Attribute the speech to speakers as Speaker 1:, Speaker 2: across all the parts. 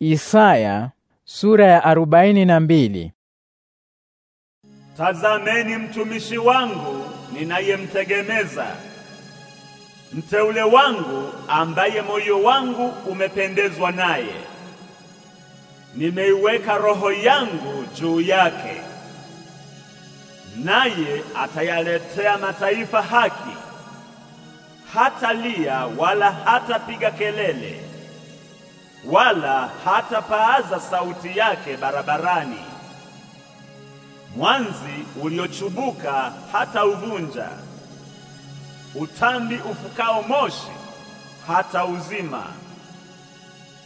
Speaker 1: Isaya sura ya arobaini na mbili.
Speaker 2: Tazameni mtumishi wangu ninayemtegemeza, mteule wangu ambaye moyo wangu umependezwa naye. Nimeiweka roho yangu juu yake, naye atayaletea mataifa haki. Hatalia wala hatapiga kelele wala hatapaaza sauti yake barabarani. Mwanzi uliochubuka hata uvunja utambi ufukao moshi hata uzima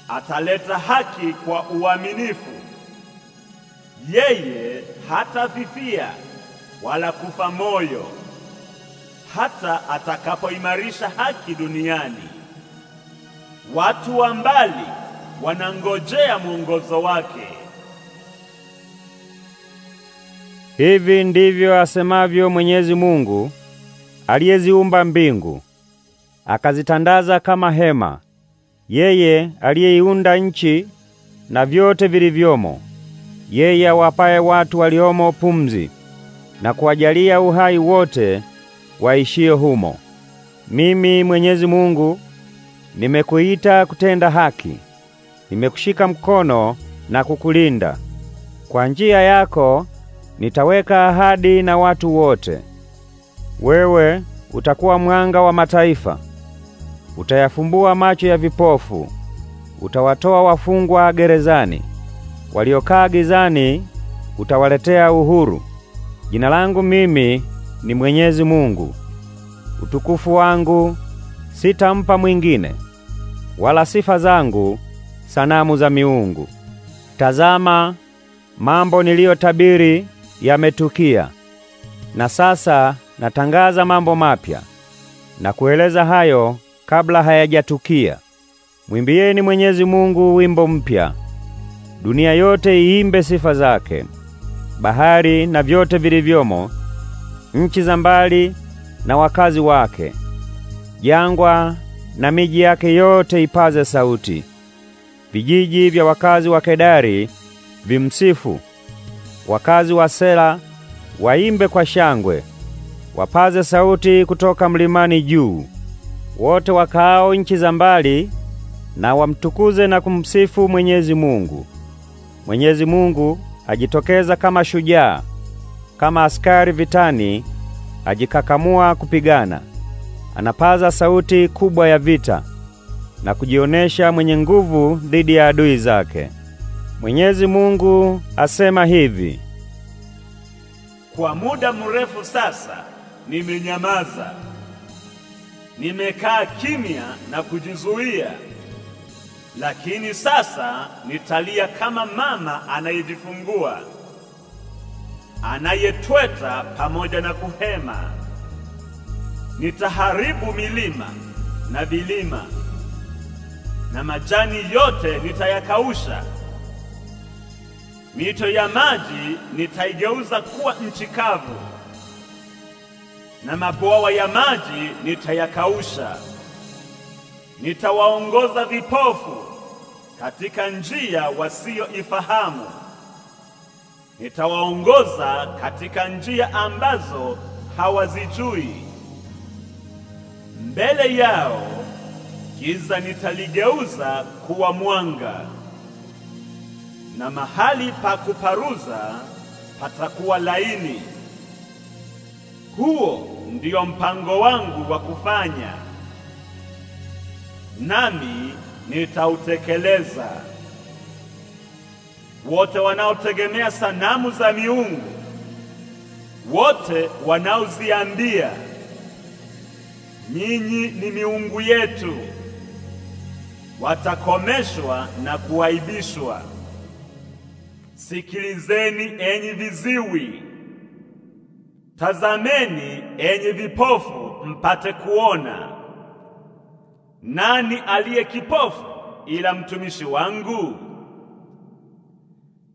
Speaker 2: Ataleta haki kwa uaminifu, yeye hatafifia wala kufa moyo, hata atakapoimarisha haki duniani. Watu wa mbali wanangojea mwongozo wake.
Speaker 1: Hivi ndivyo asemavyo Mwenyezi Mungu aliyeziumba mbingu akazitandaza kama hema, yeye aliyeiunda nchi na vyote vilivyomo, yeye awapaye watu waliomo pumzi na kuwajalia uhai wote waishio humo. Mimi Mwenyezi Mungu nimekuita kutenda haki nimekushika mkono na kukulinda. Kwa njia yako nitaweka ahadi na watu wote. Wewe utakuwa mwanga wa mataifa, utayafumbua macho ya vipofu, utawatoa wafungwa gerezani, waliokaa gizani utawaletea uhuru. Jina langu mimi ni Mwenyezi Mungu, utukufu wangu sitampa mwingine, wala sifa zangu sanamu za miungu. Tazama, mambo niliyotabiri yametukia, na sasa natangaza mambo mapya na kueleza hayo kabla hayajatukia. Mwimbieni Mwenyezi Mungu wimbo mpya, dunia yote iimbe sifa zake, bahari na vyote vilivyomo, nchi za mbali na wakazi wake, jangwa na miji yake yote ipaze sauti. Vijiji vya wakazi wa Kedari vimsifu, wakazi wa Sela waimbe kwa shangwe, wapaze sauti kutoka mlimani juu, wote wakaao nchi za mbali na wamtukuze na kumsifu Mwenyezi Mungu. Mwenyezi Mungu ajitokeza kama shujaa, kama askari vitani, ajikakamua kupigana, anapaza sauti kubwa ya vita na kujionesha mwenye nguvu dhidi ya adui zake. Mwenyezi Mungu asema hivi:
Speaker 2: kwa muda mrefu sasa nimenyamaza, nimekaa kimya na kujizuia, lakini sasa nitalia kama mama anayejifungua, anayetweta pamoja na kuhema. Nitaharibu milima na vilima na majani yote nitayakausha. Mito ya maji nitaigeuza kuwa nchi kavu, na mabwawa ya maji nitayakausha. Nitawaongoza vipofu katika njia wasioifahamu, nitawaongoza katika njia ambazo hawazijui. Mbele yao giza nitaligeuza kuwa mwanga, na mahali pa kuparuza patakuwa laini. Huo ndio mpango wangu wa kufanya, nami nitautekeleza. Wote wanaotegemea sanamu za miungu, wote wanaoziambia nyinyi ni miungu yetu watakomeshwa na kuaibishwa. Sikilizeni enyi viziwi, tazameni enyi vipofu, mpate kuona. Nani aliye kipofu ila mtumishi wangu?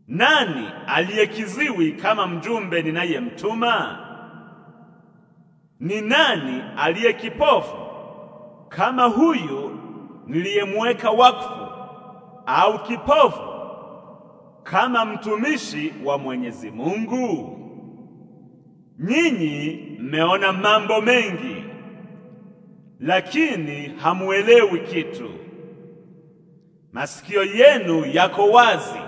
Speaker 2: Nani aliye kiziwi kama mjumbe ninayemtuma? Ni nani aliye kipofu kama huyu niliyemweka wakfu au kipofu kama mtumishi wa Mwenyezi Mungu? Nyinyi mmeona mambo mengi, lakini hamuelewi kitu. Masikio yenu yako wazi,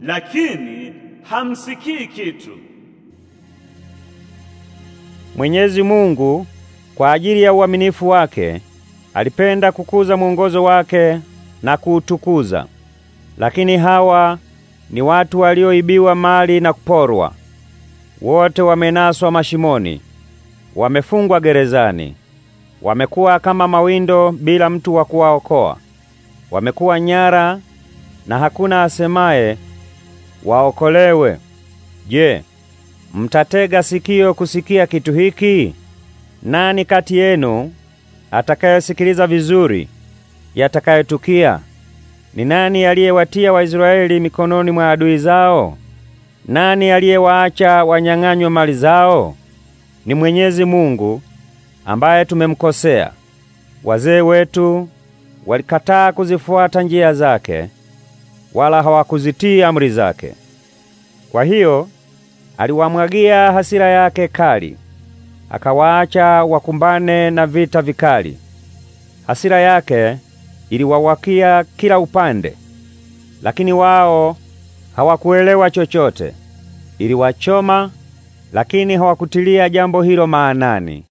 Speaker 2: lakini hamsikii kitu.
Speaker 1: Mwenyezi Mungu kwa ajili ya uaminifu wake Alipenda kukuza mwongozo wake na kuutukuza, lakini hawa ni watu walioibiwa mali na kuporwa. Wote wamenaswa mashimoni, wamefungwa gerezani, wamekuwa kama mawindo bila mtu wa kuwaokoa, wamekuwa nyara na hakuna asemaye waokolewe. Je, mtatega sikio kusikia kitu hiki? Nani kati yenu atakayesikiliza vizuri yatakayotukia. Ni nani aliyewatia Waisraeli mikononi mwa adui zao? Nani aliyewaacha wanyang'anywe mali zao? Ni Mwenyezi Mungu ambaye tumemkosea. Wazee wetu walikataa kuzifuata njia zake, wala hawakuzitii amri zake. Kwa hiyo aliwamwagia hasira yake kali akawaacha wakumbane na vita vikali. Hasira yake iliwawakia kila upande, lakini wao hawakuelewa chochote. Iliwachoma, lakini hawakutilia jambo hilo maanani.